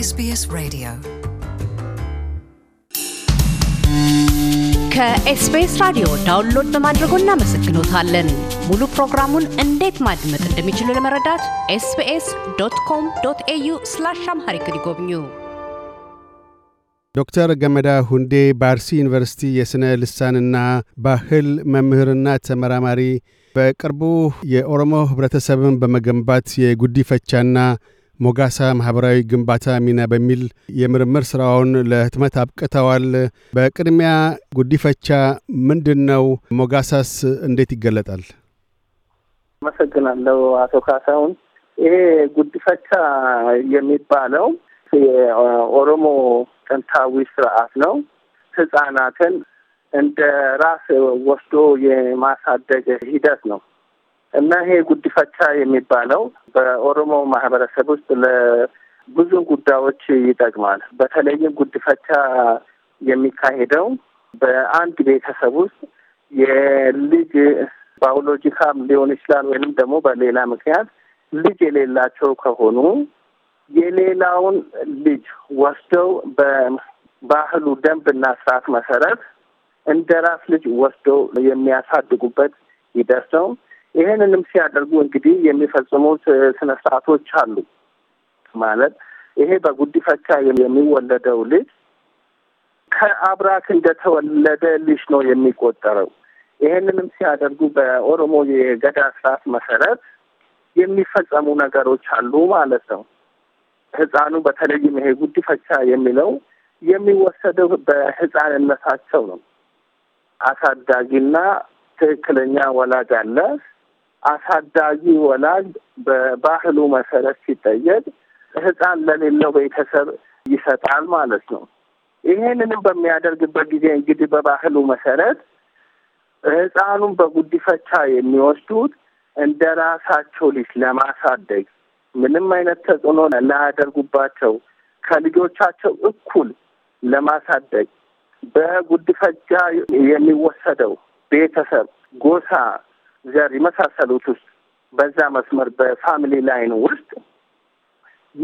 ኤስቢኤስ Radio. ከኤስቢኤስ ራዲዮ ዳውንሎድ በማድረጎ እናመሰግኖታለን። ሙሉ ፕሮግራሙን እንዴት ማድመጥ እንደሚችሉ ለመረዳት ኤስቢኤስ ዶት ኮም ዶት ኤዩ ስላሽ አምሃሪክ ይጎብኙ። ዶክተር ገመዳ ሁንዴ በአርሲ ዩኒቨርሲቲ የሥነ ልሳንና ባህል መምህርና ተመራማሪ በቅርቡ የኦሮሞ ህብረተሰብን በመገንባት የጉዲፈቻና ሞጋሳ ማህበራዊ ግንባታ ሚና በሚል የምርምር ስራውን ለህትመት አብቅተዋል። በቅድሚያ ጉዲፈቻ ምንድን ነው? ሞጋሳስ እንዴት ይገለጣል? አመሰግናለሁ አቶ ካሳሁን። ይሄ ጉዲፈቻ የሚባለው የኦሮሞ ጥንታዊ ስርዓት ነው። ህጻናትን እንደ ራስ ወስዶ የማሳደግ ሂደት ነው። እና ይሄ ጉድፈቻ የሚባለው በኦሮሞ ማህበረሰብ ውስጥ ለብዙ ጉዳዮች ይጠቅማል። በተለይም ጉድፈቻ የሚካሄደው በአንድ ቤተሰብ ውስጥ የልጅ ባዮሎጂካም ሊሆን ይችላል ወይንም ደግሞ በሌላ ምክንያት ልጅ የሌላቸው ከሆኑ የሌላውን ልጅ ወስደው በባህሉ ደንብ እና ስርዓት መሰረት እንደ ራስ ልጅ ወስደው የሚያሳድጉበት ሂደት ነው። ይህንንም ሲያደርጉ እንግዲህ የሚፈጽሙት ስነ ስርዓቶች አሉ። ማለት ይሄ በጉዲፈቻ የሚወለደው ልጅ ከአብራክ እንደተወለደ ልጅ ነው የሚቆጠረው። ይህንንም ሲያደርጉ በኦሮሞ የገዳ ስርዓት መሰረት የሚፈጸሙ ነገሮች አሉ ማለት ነው። ህፃኑ በተለይም ይሄ ጉዲፈቻ የሚለው የሚወሰደው በህፃንነታቸው ነው። አሳዳጊና ትክክለኛ ወላጅ አለ። አሳዳጊ ወላጅ በባህሉ መሰረት ሲጠየቅ ሕፃን ለሌለው ቤተሰብ ይሰጣል ማለት ነው። ይሄንንም በሚያደርግበት ጊዜ እንግዲህ በባህሉ መሰረት ሕፃኑን በጉዲፈቻ የሚወስዱት እንደ ራሳቸው ልጅ ለማሳደግ ምንም አይነት ተጽዕኖ ላያደርጉባቸው ከልጆቻቸው እኩል ለማሳደግ በጉድፈጃ የሚወሰደው ቤተሰብ፣ ጎሳ፣ ዘር የመሳሰሉት ውስጥ በዛ መስመር በፋሚሊ ላይን ውስጥ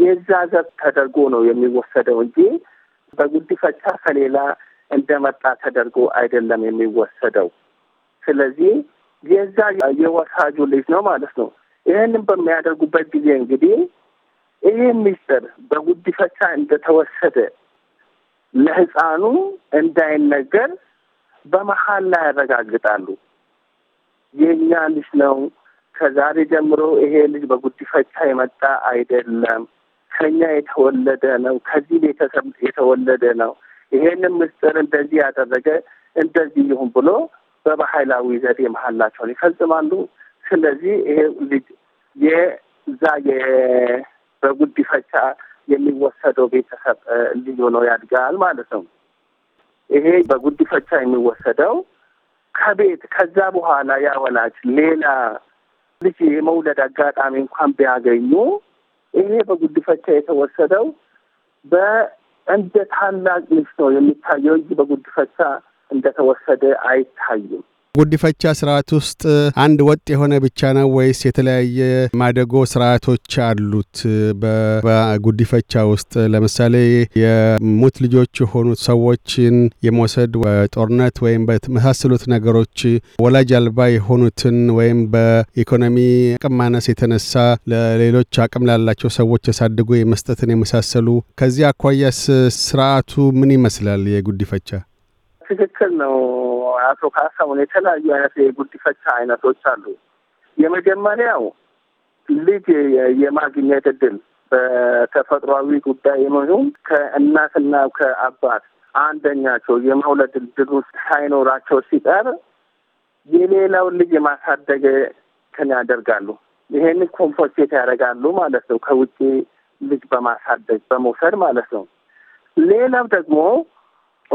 የዛ ዘር ተደርጎ ነው የሚወሰደው እንጂ በጉዲፈቻ ከሌላ እንደመጣ ተደርጎ አይደለም የሚወሰደው። ስለዚህ የዛ የወሳጁ ልጅ ነው ማለት ነው። ይህንን በሚያደርጉበት ጊዜ እንግዲህ ይሄ ሚስጥር በጉዲፈቻ እንደተወሰደ ለህፃኑ እንዳይነገር በመሀል ላይ ያረጋግጣሉ። የእኛ ልጅ ነው፣ ከዛሬ ጀምሮ ይሄ ልጅ በጉዲፈቻ የመጣ አይደለም፣ ከኛ የተወለደ ነው፣ ከዚህ ቤተሰብ የተወለደ ነው። ይሄንን ምስጢር እንደዚህ ያደረገ እንደዚህ ይሁን ብሎ በባህላዊ ዘዴ መሀላቸውን ይፈጽማሉ። ስለዚህ ይሄ ልጅ የዛ በጉዲፈቻ የሚወሰደው ቤተሰብ ልዩ ነው ያድጋል ማለት ነው። ይሄ በጉዲፈቻ የሚወሰደው ከቤት ከዛ በኋላ ያ ወላጅ ሌላ ልጅ የመውለድ አጋጣሚ እንኳን ቢያገኙ ይሄ በጉድፈቻ የተወሰደው በእንደ ታላቅ ልጅ ነው የሚታየው እንጂ በጉድፈቻ እንደተወሰደ አይታይም። ጉዲፈቻ ስርዓት ውስጥ አንድ ወጥ የሆነ ብቻ ነው ወይስ የተለያየ ማደጎ ስርዓቶች አሉት? በጉዲፈቻ ውስጥ ለምሳሌ የሙት ልጆች የሆኑት ሰዎችን የመውሰድ በጦርነት ወይም በመሳሰሉት ነገሮች ወላጅ አልባ የሆኑትን ወይም በኢኮኖሚ አቅም ማነስ የተነሳ ለሌሎች አቅም ላላቸው ሰዎች ያሳድጉ የመስጠትን የመሳሰሉ ከዚህ አኳያስ ስርዓቱ ምን ይመስላል የጉዲፈቻ? ትክክል ነው አቶ ካሳሁን። የተለያዩ አይነት የጉዲፈቻ አይነቶች አሉ። የመጀመሪያው ልጅ የማግኘት እድል በተፈጥሯዊ ጉዳይ የሚሆን ከእናትና ከአባት አንደኛቸው የመውለድ እድሉ ሳይኖራቸው ሲቀር የሌላውን ልጅ የማሳደግ እንትን ያደርጋሉ። ይሄን ኮምፖርቴት ያደርጋሉ ማለት ነው። ከውጭ ልጅ በማሳደግ በመውሰድ ማለት ነው። ሌላው ደግሞ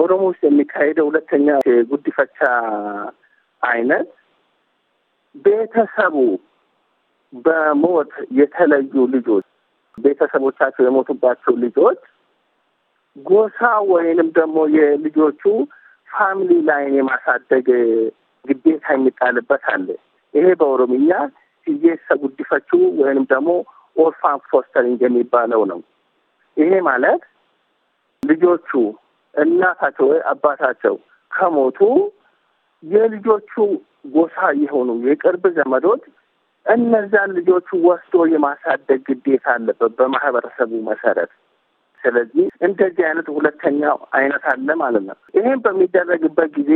ኦሮሞ ውስጥ የሚካሄደው ሁለተኛ የጉዲፈቻ አይነት ቤተሰቡ በሞት የተለዩ ልጆች ቤተሰቦቻቸው የሞቱባቸው ልጆች ጎሳ ወይንም ደግሞ የልጆቹ ፋሚሊ ላይን የማሳደግ ግዴታ የሚጣልበት አለ። ይሄ በኦሮምኛ ሂዬሳ ጉዲፈቹ ወይንም ደግሞ ኦርፋን ፎስተሪንግ የሚባለው ነው። ይሄ ማለት ልጆቹ እናታቸው ወይ አባታቸው ከሞቱ የልጆቹ ጎሳ የሆኑ የቅርብ ዘመዶች እነዛን ልጆቹ ወስዶ የማሳደግ ግዴታ አለበት በማህበረሰቡ መሰረት። ስለዚህ እንደዚህ አይነት ሁለተኛው አይነት አለ ማለት ነው። ይህም በሚደረግበት ጊዜ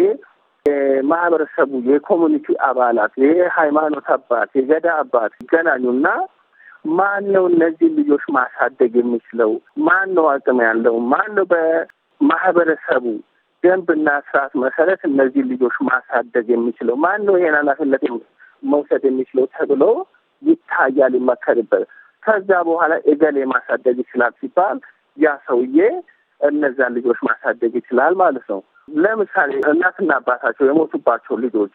የማህበረሰቡ የኮሚኒቲ አባላት የሃይማኖት አባት፣ የገዳ አባት ይገናኙና ማን ነው እነዚህ ልጆች ማሳደግ የሚችለው? ማን ነው አቅም ያለው? ማን ነው ማህበረሰቡ ደንብና ስርዓት መሰረት እነዚህ ልጆች ማሳደግ የሚችለው ማን ነው? ይሄን ኃላፊነት መውሰድ የሚችለው ተብሎ ይታያል፣ ይመከርበት። ከዛ በኋላ እገሌ ማሳደግ ይችላል ሲባል ያ ሰውዬ እነዛን ልጆች ማሳደግ ይችላል ማለት ነው። ለምሳሌ እናትና አባታቸው የሞቱባቸው ልጆች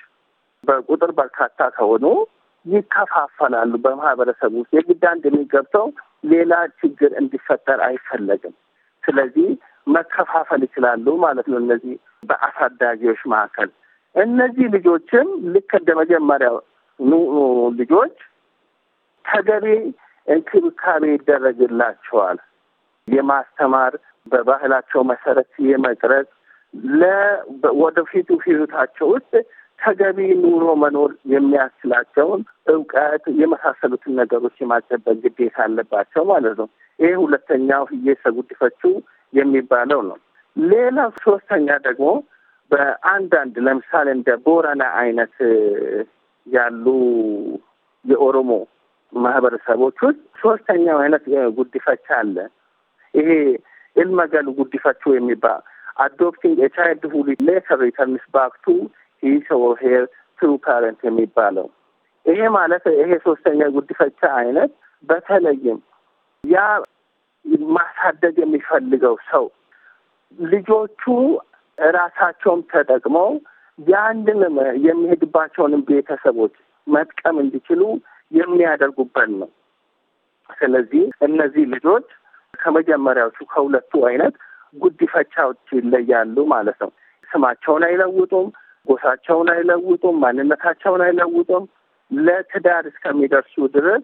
በቁጥር በርካታ ከሆኑ ይከፋፈላሉ። በማህበረሰቡ ውስጥ የግድ አንድ የሚገብተው ሌላ ችግር እንዲፈጠር አይፈለግም። ስለዚህ መከፋፈል ይችላሉ ማለት ነው። እነዚህ በአሳዳጊዎች መካከል እነዚህ ልጆችም ልክ እንደ መጀመሪያው ኑ ልጆች ተገቢ እንክብካቤ ይደረግላቸዋል። የማስተማር በባህላቸው መሰረት የመቅረጽ ለወደፊቱ ህይወታቸው ውስጥ ተገቢ ኑሮ መኖር የሚያስችላቸውን እውቀት የመሳሰሉትን ነገሮች የማጨበጥ ግዴታ አለባቸው ማለት ነው። ይሄ ሁለተኛው ህዬ ጉዲፈቹ የሚባለው ነው። ሌላ ሶስተኛ ደግሞ በአንዳንድ ለምሳሌ እንደ ቦረና አይነት ያሉ የኦሮሞ ማህበረሰቦች ውስጥ ሶስተኛው አይነት ጉዲፈቻ አለ። ይሄ ኢልመገሉ ጉዲፈቹ የሚባል አዶፕቲንግ የቻይልድ ሁ ሌተር ሪተርንስ ባክ ቱ ሂስ ኦር ሄር ትሩ ፓረንት የሚባለው ይሄ ማለት ይሄ ሶስተኛ ጉዲፈቻ አይነት በተለይም ያ ማሳደግ የሚፈልገው ሰው ልጆቹ ራሳቸውም ተጠቅመው ያንንም የሚሄድባቸውንም ቤተሰቦች መጥቀም እንዲችሉ የሚያደርጉበት ነው። ስለዚህ እነዚህ ልጆች ከመጀመሪያዎቹ ከሁለቱ አይነት ጉዲፈቻዎች ይለያሉ ማለት ነው። ስማቸውን አይለውጡም፣ ጎሳቸውን አይለውጡም፣ ማንነታቸውን አይለውጡም። ለትዳር እስከሚደርሱ ድረስ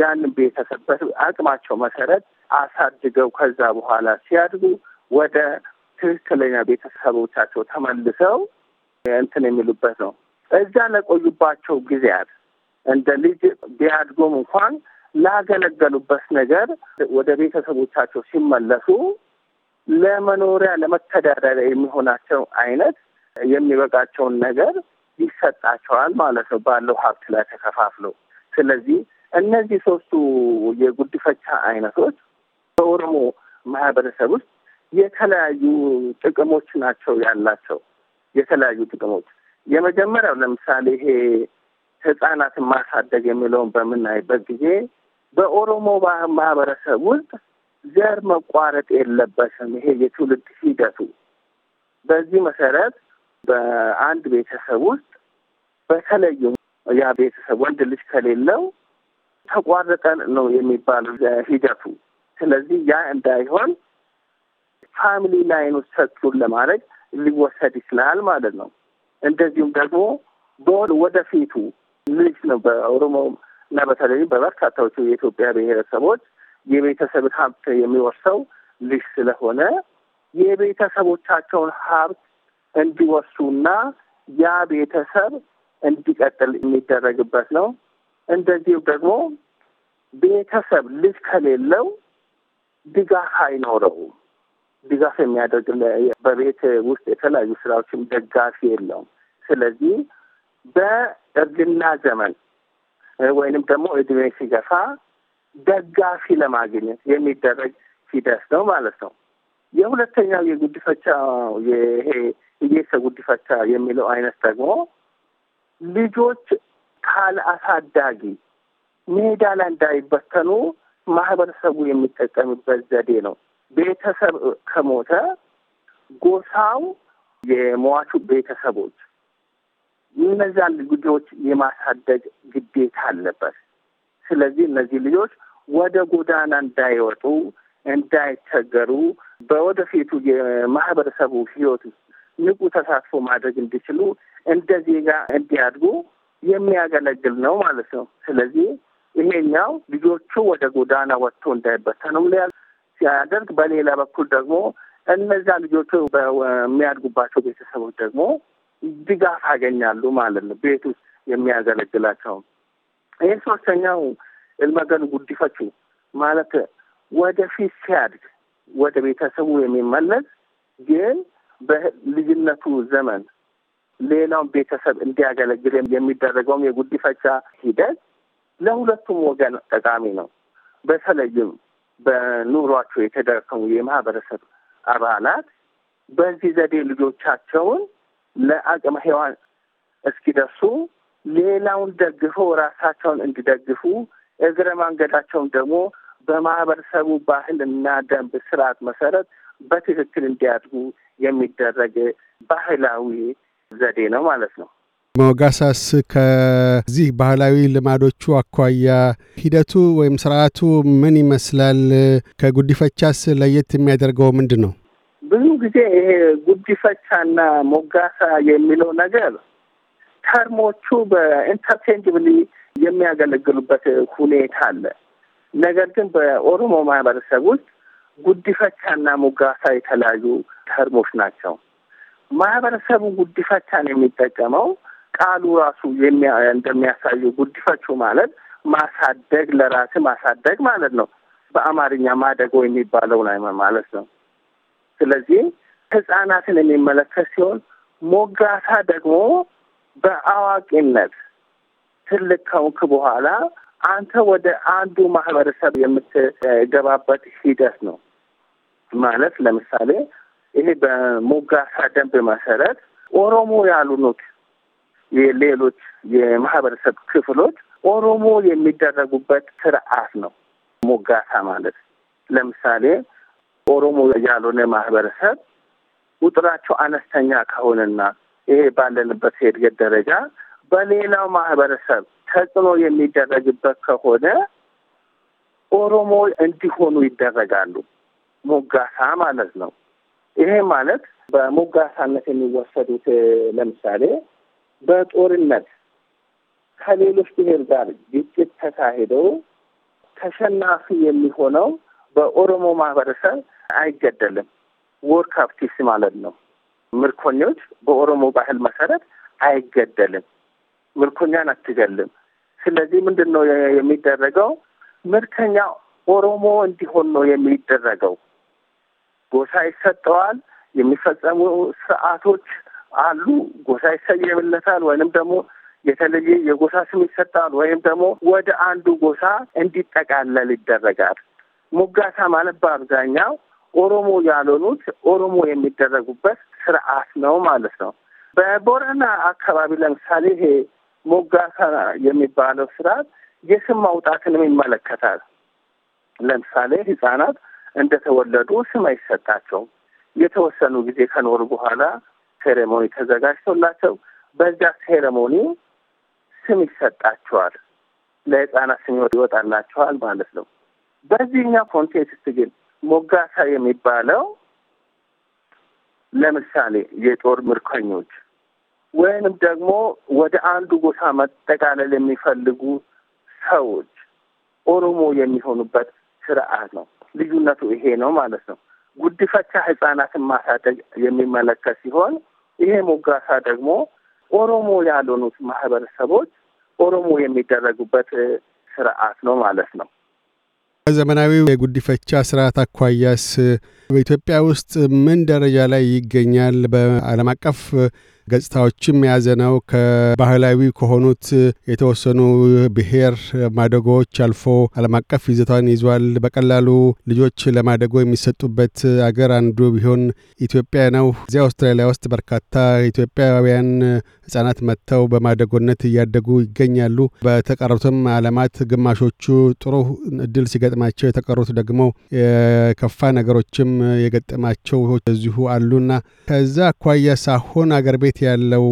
ያንን ቤተሰብ በአቅማቸው መሰረት አሳድገው ከዛ በኋላ ሲያድጉ ወደ ትክክለኛ ቤተሰቦቻቸው ተመልሰው እንትን የሚሉበት ነው። እዛ ለቆዩባቸው ጊዜያት እንደ ልጅ ቢያድጉም እንኳን ላገለገሉበት ነገር ወደ ቤተሰቦቻቸው ሲመለሱ ለመኖሪያ ለመተዳደሪያ የሚሆናቸው አይነት የሚበቃቸውን ነገር ይሰጣቸዋል ማለት ነው፣ ባለው ሀብት ላይ ተከፋፍለው። ስለዚህ እነዚህ ሶስቱ የጉድፈቻ አይነቶች በኦሮሞ ማህበረሰብ ውስጥ የተለያዩ ጥቅሞች ናቸው ያላቸው። የተለያዩ ጥቅሞች የመጀመሪያው ለምሳሌ ይሄ ህጻናትን ማሳደግ የሚለውን በምናይበት ጊዜ በኦሮሞ ማህበረሰብ ውስጥ ዘር መቋረጥ የለበትም። ይሄ የትውልድ ሂደቱ በዚህ መሰረት በአንድ ቤተሰብ ውስጥ በተለዩ ያ ቤተሰብ ወንድ ልጅ ከሌለው ተቋርጠን ነው የሚባለው ሂደቱ ስለዚህ ያ እንዳይሆን ፋሚሊ ላይን ውስጥ ሰጡን ለማድረግ ሊወሰድ ይችላል ማለት ነው። እንደዚሁም ደግሞ በሆነ ወደፊቱ ልጅ ነው በኦሮሞ እና በተለይ በበርካታዎቹ የኢትዮጵያ ብሔረሰቦች የቤተሰብ ሀብት የሚወርሰው ልጅ ስለሆነ የቤተሰቦቻቸውን ሀብት እንዲወርሱና ያ ቤተሰብ እንዲቀጥል የሚደረግበት ነው። እንደዚሁም ደግሞ ቤተሰብ ልጅ ከሌለው ድጋፍ አይኖረውም። ድጋፍ የሚያደርግ በቤት ውስጥ የተለያዩ ስራዎችም ደጋፊ የለውም። ስለዚህ በእርግና ዘመን ወይንም ደግሞ እድሜ ሲገፋ ደጋፊ ለማግኘት የሚደረግ ሂደት ነው ማለት ነው። የሁለተኛው የጉድፈቻ ይሄ እየሰ ጉድፈቻ የሚለው አይነት ደግሞ ልጆች ካለ አሳዳጊ ሜዳ ላይ እንዳይበተኑ ማህበረሰቡ የሚጠቀምበት ዘዴ ነው። ቤተሰብ ከሞተ ጎሳው፣ የሟቹ ቤተሰቦች እነዛን ልጆች የማሳደግ ግዴታ አለበት። ስለዚህ እነዚህ ልጆች ወደ ጎዳና እንዳይወጡ እንዳይቸገሩ በወደፊቱ የማህበረሰቡ ህይወት ንቁ ተሳትፎ ማድረግ እንዲችሉ እንደ ዜጋ እንዲያድጉ የሚያገለግል ነው ማለት ነው። ስለዚህ ይሄኛው ልጆቹ ወደ ጎዳና ወጥቶ እንዳይበተኑም ሲያደርግ፣ በሌላ በኩል ደግሞ እነዛ ልጆቹ በሚያድጉባቸው ቤተሰቦች ደግሞ ድጋፍ ያገኛሉ ማለት ነው። ቤት ውስጥ የሚያገለግላቸው ይህ ሶስተኛው እልመገን ጉዲፈቹ ማለት ወደፊት ሲያድግ ወደ ቤተሰቡ የሚመለስ ግን በልጅነቱ ዘመን ሌላውን ቤተሰብ እንዲያገለግል የሚደረገውም የጉዲፈቻ ሂደት ለሁለቱም ወገን ጠቃሚ ነው። በተለይም በኑሯቸው የተደከሙ የማህበረሰብ አባላት በዚህ ዘዴ ልጆቻቸውን ለአቅመ ሔዋን እስኪደርሱ ሌላውን ደግፈው ራሳቸውን እንዲደግፉ እግረ መንገዳቸውን ደግሞ በማህበረሰቡ ባህልና ደንብ ስርዓት መሰረት በትክክል እንዲያድጉ የሚደረግ ባህላዊ ዘዴ ነው ማለት ነው። ሞጋሳስ ከዚህ ባህላዊ ልማዶቹ አኳያ ሂደቱ ወይም ስርዓቱ ምን ይመስላል? ከጉዲፈቻስ ለየት የሚያደርገው ምንድን ነው? ብዙ ጊዜ ይሄ ጉዲፈቻና ሞጋሳ የሚለው ነገር ተርሞቹ በኢንተርቼንጅብሊ የሚያገለግሉበት ሁኔታ አለ። ነገር ግን በኦሮሞ ማህበረሰብ ውስጥ ጉዲፈቻና ሞጋሳ የተለያዩ ተርሞች ናቸው። ማህበረሰቡ ጉዲፈቻን የሚጠቀመው ቃሉ ራሱ እንደሚያሳየው ጉዲፈቹ ማለት ማሳደግ፣ ለራስ ማሳደግ ማለት ነው። በአማርኛ ማደጎ የሚባለው ላይ ማለት ነው። ስለዚህ ህጻናትን የሚመለከት ሲሆን ሞጋሳ ደግሞ በአዋቂነት ትልቅ ከውክ በኋላ አንተ ወደ አንዱ ማህበረሰብ የምትገባበት ሂደት ነው ማለት ለምሳሌ ይሄ በሞጋሳ ደንብ መሰረት ኦሮሞ ያሉኑት የሌሎች የማህበረሰብ ክፍሎች ኦሮሞ የሚደረጉበት ስርዓት ነው ሞጋሳ ማለት። ለምሳሌ ኦሮሞ ያልሆነ ማህበረሰብ ቁጥራቸው አነስተኛ ከሆነና ይሄ ባለንበት የእድገት ደረጃ በሌላው ማህበረሰብ ተጽዕኖ የሚደረግበት ከሆነ ኦሮሞ እንዲሆኑ ይደረጋሉ። ሞጋሳ ማለት ነው። ይሄ ማለት በሞጋሳነት የሚወሰዱት ለምሳሌ በጦርነት ከሌሎች ብሔር ጋር ግጭት ተካሂደው ተሸናፊ የሚሆነው በኦሮሞ ማህበረሰብ አይገደልም። ወር ካፕቲቭስ ማለት ነው። ምርኮኞች በኦሮሞ ባህል መሰረት አይገደልም። ምርኮኛን አትገልም። ስለዚህ ምንድን ነው የሚደረገው? ምርኮኛ ኦሮሞ እንዲሆን ነው የሚደረገው። ጎሳ ይሰጠዋል። የሚፈጸሙ ስርዓቶች አሉ። ጎሳ ይሰየምለታል ወይንም ደግሞ የተለየ የጎሳ ስም ይሰጣል ወይም ደግሞ ወደ አንዱ ጎሳ እንዲጠቃለል ይደረጋል። ሙጋሳ ማለት በአብዛኛው ኦሮሞ ያልሆኑት ኦሮሞ የሚደረጉበት ስርዓት ነው ማለት ነው። በቦረና አካባቢ ለምሳሌ ይሄ ሞጋሳ የሚባለው ስርዓት የስም ማውጣትንም ይመለከታል። ለምሳሌ ህጻናት እንደተወለዱ ስም አይሰጣቸውም። የተወሰኑ ጊዜ ከኖሩ በኋላ ሴሬሞኒ ተዘጋጅቶላቸው በዛ ሴሬሞኒ ስም ይሰጣቸዋል። ለህፃናት ስም ይወጣላቸዋል ማለት ነው። በዚህኛው ኮንቴክስት ግን ሞጋሳ የሚባለው ለምሳሌ የጦር ምርኮኞች ወይንም ደግሞ ወደ አንዱ ጎሳ መጠቃለል የሚፈልጉ ሰዎች ኦሮሞ የሚሆኑበት ስርዓት ነው። ልዩነቱ ይሄ ነው ማለት ነው። ጉድፈቻ ህጻናትን ማሳደግ የሚመለከት ሲሆን ይሄ ሞጋሳ ደግሞ ኦሮሞ ያልሆኑት ማህበረሰቦች ኦሮሞ የሚደረጉበት ስርዓት ነው ማለት ነው። ከዘመናዊው የጉዲፈቻ ስርዓት አኳያስ በኢትዮጵያ ውስጥ ምን ደረጃ ላይ ይገኛል? በዓለም አቀፍ ገጽታዎችም የያዘ ነው። ከባህላዊ ከሆኑት የተወሰኑ ብሔር ማደጎዎች አልፎ ዓለም አቀፍ ይዘቷን ይዟል። በቀላሉ ልጆች ለማደጎ የሚሰጡበት አገር አንዱ ቢሆን ኢትዮጵያ ነው። እዚያ አውስትራሊያ ውስጥ በርካታ ኢትዮጵያውያን ህጻናት መጥተው በማደጎነት እያደጉ ይገኛሉ። በተቀሩትም ዓለማት ግማሾቹ ጥሩ እድል ሲገጥማቸው፣ የተቀሩት ደግሞ የከፋ ነገሮችም የገጠማቸው እዚሁ አሉና ከዛ አኳያ ሳሆን አገር ቤት ቤት ያለው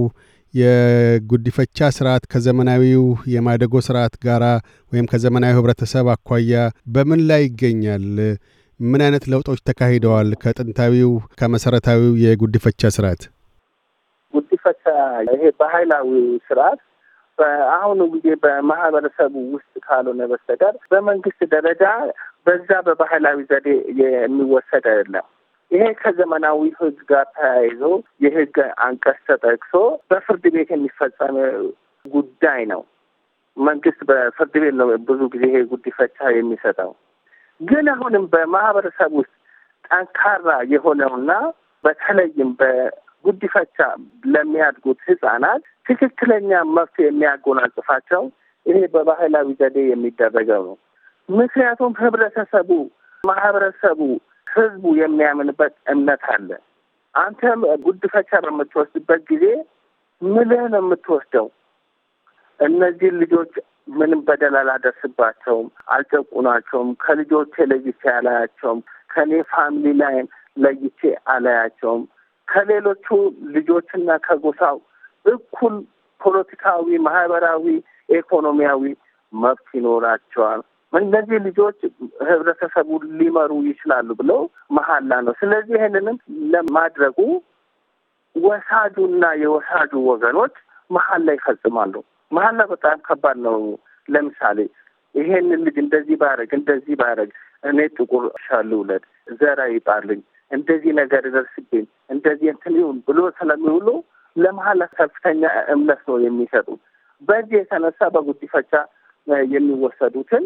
የጉዲፈቻ ስርዓት ከዘመናዊው የማደጎ ስርዓት ጋር ወይም ከዘመናዊ ህብረተሰብ አኳያ በምን ላይ ይገኛል? ምን አይነት ለውጦች ተካሂደዋል? ከጥንታዊው ከመሰረታዊው የጉዲፈቻ ስርዓት ጉዲፈቻ ይሄ ባህላዊ ስርዓት በአሁኑ ጊዜ በማህበረሰቡ ውስጥ ካልሆነ በስተቀር በመንግስት ደረጃ በዛ በባህላዊ ዘዴ የሚወሰድ አይደለም። ይሄ ከዘመናዊ ህግ ጋር ተያይዞ የህግ አንቀጽ ተጠቅሶ በፍርድ ቤት የሚፈጸም ጉዳይ ነው። መንግስት በፍርድ ቤት ነው ብዙ ጊዜ ይሄ ጉዲፈቻ የሚሰጠው። ግን አሁንም በማህበረሰብ ውስጥ ጠንካራ የሆነውና በተለይም በጉዲፈቻ ለሚያድጉት ህጻናት ትክክለኛ መብት የሚያጎናጽፋቸው ይሄ በባህላዊ ዘዴ የሚደረገው ነው። ምክንያቱም ህብረተሰቡ ማህበረሰቡ ህዝቡ የሚያምንበት እምነት አለ። አንተም ጉድፈቻ በምትወስድበት ጊዜ ምልህ ነው የምትወስደው። እነዚህ ልጆች ምንም በደል አላደርስባቸውም፣ አልጨቁናቸውም፣ ከልጆቼ ለይቼ አላያቸውም፣ ከኔ ፋሚሊ ላይን ለይቼ አላያቸውም። ከሌሎቹ ልጆችና ከጎሳው እኩል ፖለቲካዊ፣ ማህበራዊ፣ ኢኮኖሚያዊ መብት ይኖራቸዋል። እነዚህ ልጆች ህብረተሰቡን ሊመሩ ይችላሉ ብለው መሀላ ነው። ስለዚህ ይህንንም ለማድረጉ ወሳጁና የወሳጁ ወገኖች ላይ ይፈጽማሉ። መሀላ በጣም ከባድ ነው። ለምሳሌ ይሄንን ልጅ እንደዚህ ባረግ እንደዚህ ባረግ እኔ ጥቁር ሻል ውለድ ዘራ ይጣልኝ እንደዚህ ነገር ደርስብኝ እንደዚህ እንትን ይሁን ብሎ ስለሚውሉ ለመሀል ከፍተኛ እምነት ነው የሚሰጡት። በዚህ የተነሳ በጉዲፈቻ የሚወሰዱትን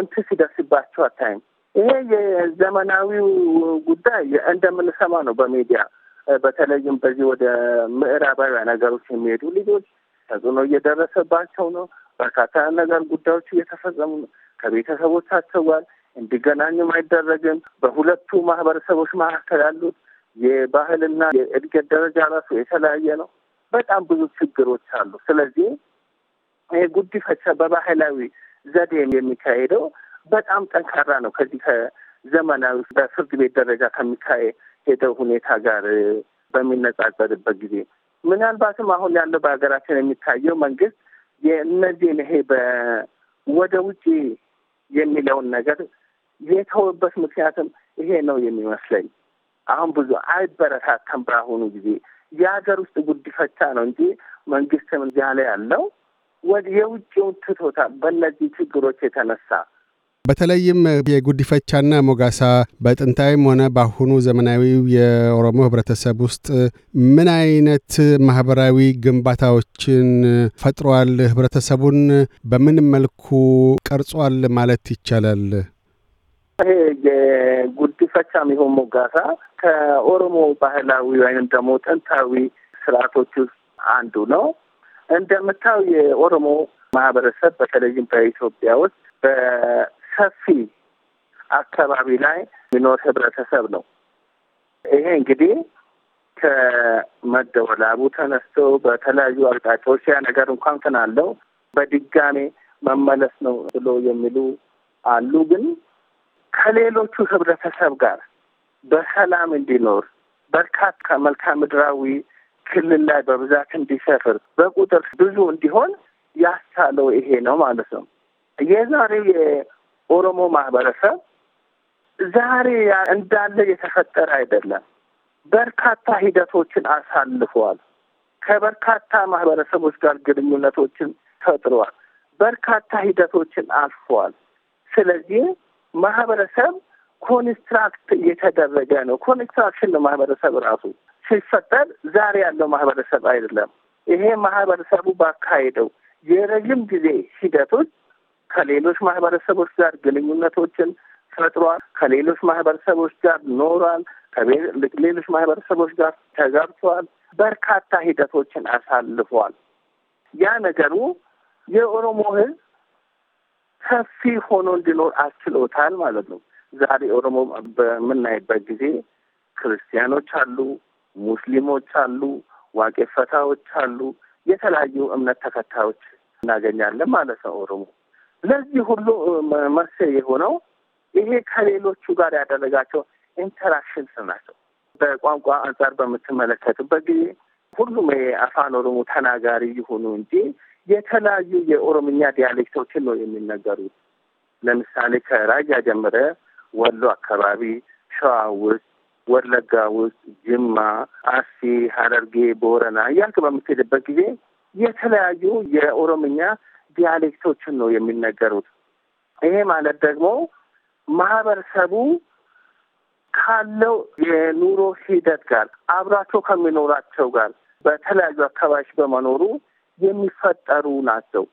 እንትን ሲደርስባቸው አታይም። ይሄ የዘመናዊው ጉዳይ እንደምንሰማ ነው በሚዲያ በተለይም በዚህ ወደ ምዕራባውያን ነገሮች የሚሄዱ ልጆች ተጽዕኖ እየደረሰባቸው ነው። በርካታ ነገር ጉዳዮች እየተፈጸሙ ነው። ከቤተሰቦቻቸው ጋር እንዲገናኙም አይደረግም። በሁለቱ ማህበረሰቦች መካከል ያሉት የባህልና የእድገት ደረጃ ራሱ የተለያየ ነው። በጣም ብዙ ችግሮች አሉ። ስለዚህ ይህ ጉዲፈቻ በባህላዊ ዘዴ የሚካሄደው በጣም ጠንካራ ነው። ከዚህ ከዘመናዊ በፍርድ ቤት ደረጃ ከሚካሄደው ሁኔታ ጋር በሚነጻጸርበት ጊዜ ምናልባትም አሁን ያለው በሀገራችን የሚታየው መንግስት የእነዚህን ይሄ ወደ ውጭ የሚለውን ነገር የተወበት ምክንያትም ይሄ ነው የሚመስለኝ። አሁን ብዙ አይበረታተም በአሁኑ ጊዜ የሀገር ውስጥ ጉዲፈቻ ነው እንጂ መንግስትም እዚያ ላይ ያለው ወደ የውጭውን በነዚህ በእነዚህ ችግሮች የተነሳ በተለይም የጉዲፈቻና ሞጋሳ በጥንታዊም ሆነ በአሁኑ ዘመናዊው የኦሮሞ ህብረተሰብ ውስጥ ምን አይነት ማህበራዊ ግንባታዎችን ፈጥሯል? ህብረተሰቡን በምን መልኩ ቀርጿል ማለት ይቻላል? ይሄ የጉዲፈቻም ይሁን ሞጋሳ ከኦሮሞ ባህላዊ ወይም ደግሞ ጥንታዊ ስርዓቶች ውስጥ አንዱ ነው። እንደምታው የኦሮሞ ማህበረሰብ በተለይም በኢትዮጵያ ውስጥ በሰፊ አካባቢ ላይ የሚኖር ህብረተሰብ ነው። ይሄ እንግዲህ ከመደወላቡ ተነስቶ በተለያዩ አቅጣጫዎች ያ ነገር እንኳን ትናለው በድጋሜ መመለስ ነው ብሎ የሚሉ አሉ። ግን ከሌሎቹ ህብረተሰብ ጋር በሰላም እንዲኖር በርካታ መልክዓ ምድራዊ ክልል ላይ በብዛት እንዲሰፍር በቁጥር ብዙ እንዲሆን ያስቻለው ይሄ ነው ማለት ነው። የዛሬው የኦሮሞ ማህበረሰብ ዛሬ እንዳለ የተፈጠረ አይደለም። በርካታ ሂደቶችን አሳልፈዋል። ከበርካታ ማህበረሰቦች ጋር ግንኙነቶችን ፈጥሯል። በርካታ ሂደቶችን አልፈዋል። ስለዚህ ማህበረሰብ ኮንስትራክት እየተደረገ ነው። ኮንስትራክሽን ነው ማህበረሰብ ራሱ ሲፈጠር ዛሬ ያለው ማህበረሰብ አይደለም። ይሄ ማህበረሰቡ ባካሄደው የረዥም ጊዜ ሂደቶች ከሌሎች ማህበረሰቦች ጋር ግንኙነቶችን ፈጥሯል። ከሌሎች ማህበረሰቦች ጋር ኖሯል። ከሌሎች ማህበረሰቦች ጋር ተጋብተዋል። በርካታ ሂደቶችን አሳልፏል። ያ ነገሩ የኦሮሞ ህዝብ ሰፊ ሆኖ እንዲኖር አስችሎታል ማለት ነው። ዛሬ ኦሮሞ በምናይበት ጊዜ ክርስቲያኖች አሉ፣ ሙስሊሞች አሉ፣ ዋቄ ፈታዎች አሉ፣ የተለያዩ እምነት ተከታዮች እናገኛለን ማለት ነው። ኦሮሞ ለዚህ ሁሉ መሰ የሆነው ይሄ ከሌሎቹ ጋር ያደረጋቸው ኢንተራክሽንስ ናቸው። በቋንቋ አንጻር በምትመለከትበት ጊዜ ሁሉም የአፋን ኦሮሞ ተናጋሪ ይሁኑ እንጂ የተለያዩ የኦሮምኛ ዲያሌክቶችን ነው የሚነገሩት። ለምሳሌ ከራያ ጀምረ ወሎ አካባቢ፣ ሸዋ ውስጥ፣ ወለጋ ውስጥ፣ ጅማ፣ አርሲ፣ ሀረርጌ፣ ቦረና እያልክ በምትሄድበት ጊዜ የተለያዩ የኦሮምኛ ዲያሌክቶችን ነው የሚነገሩት። ይሄ ማለት ደግሞ ማህበረሰቡ ካለው የኑሮ ሂደት ጋር አብራቸው ከሚኖራቸው ጋር በተለያዩ አካባቢዎች በመኖሩ የሚፈጠሩ ናቸው።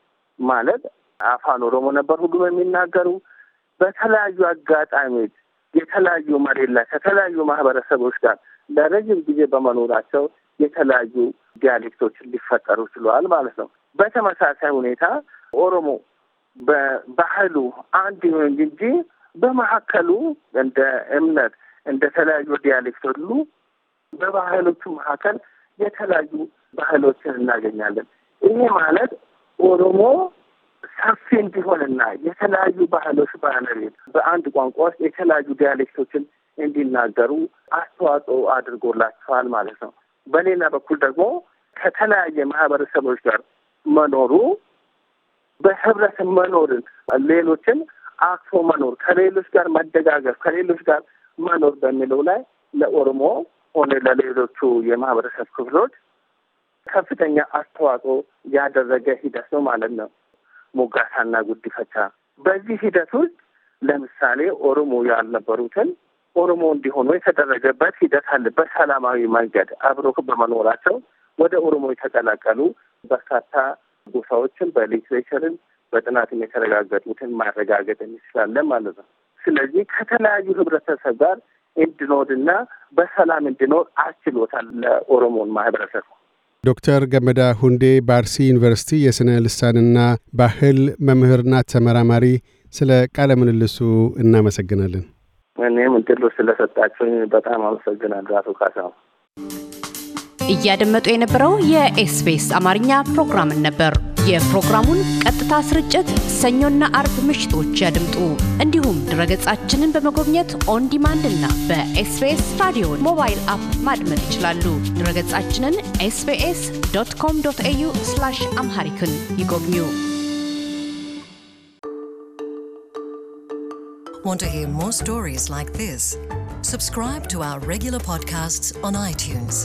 ማለት አፋን ኦሮሞ ነበር ሁሉም የሚናገሩ በተለያዩ አጋጣሚዎች የተለያዩ መሬት ላይ ከተለያዩ ማህበረሰቦች ጋር ለረዥም ጊዜ በመኖራቸው የተለያዩ ዲያሌክቶች ሊፈጠሩ ችለዋል ማለት ነው። በተመሳሳይ ሁኔታ ኦሮሞ በባህሉ አንድ ይሁን እንጂ በመካከሉ እንደ እምነት እንደ ተለያዩ ዲያሌክቶች ሁሉ በባህሎቹ መካከል የተለያዩ ባህሎችን እናገኛለን። ይሄ ማለት ኦሮሞ ሰፊ እንዲሆንና የተለያዩ ባህሎች ባለቤት በአንድ ቋንቋ ውስጥ የተለያዩ ዲያሌክቶችን እንዲናገሩ አስተዋጽኦ አድርጎላቸዋል ማለት ነው። በሌላ በኩል ደግሞ ከተለያየ ማህበረሰቦች ጋር መኖሩ በህብረት መኖርን፣ ሌሎችን አክቶ መኖር፣ ከሌሎች ጋር መደጋገፍ፣ ከሌሎች ጋር መኖር በሚለው ላይ ለኦሮሞ ሆነ ለሌሎቹ የማህበረሰብ ክፍሎች ከፍተኛ አስተዋጽኦ ያደረገ ሂደት ነው ማለት ነው። ሞጋሳና ጉዲፈቻ። በዚህ ሂደት ውስጥ ለምሳሌ ኦሮሞ ያልነበሩትን ኦሮሞ እንዲሆኑ የተደረገበት ሂደት አለ። በሰላማዊ መንገድ አብሮ በመኖራቸው ወደ ኦሮሞ የተቀላቀሉ በርካታ ጎሳዎችን በሊትሬቸርን በጥናትም የተረጋገጡትን ማረጋገጥ እንችላለን ማለት ነው። ስለዚህ ከተለያዩ ህብረተሰብ ጋር እንድኖርና በሰላም እንድኖር አስችሎታል ለኦሮሞን ማህበረሰብ ዶክተር ገመዳ ሁንዴ ባርሲ ዩኒቨርሲቲ የሥነ ልሳንና ባህል መምህርና ተመራማሪ፣ ስለ ቃለ ምልልሱ እናመሰግናለን። እኔም እድሉ ስለሰጣችሁኝ በጣም አመሰግናለሁ አቶ ካሳ። እያደመጡ የነበረው የኤስቢኤስ አማርኛ ፕሮግራምን ነበር። የፕሮግራሙን ቀጥታ ስርጭት ሰኞና አርብ ምሽቶች ያድምጡ። እንዲሁም ድረገጻችንን በመጎብኘት ኦን ዲማንድ እና በኤስቢኤስ ራዲዮ ሞባይል አፕ ማድመጥ ይችላሉ። ድረገጻችንን ኤስቢኤስ ዶት ኮም ዶት ኤዩ አምሃሪክን ይጎብኙ። Want to hear more stories like this? Subscribe to our regular podcasts on iTunes.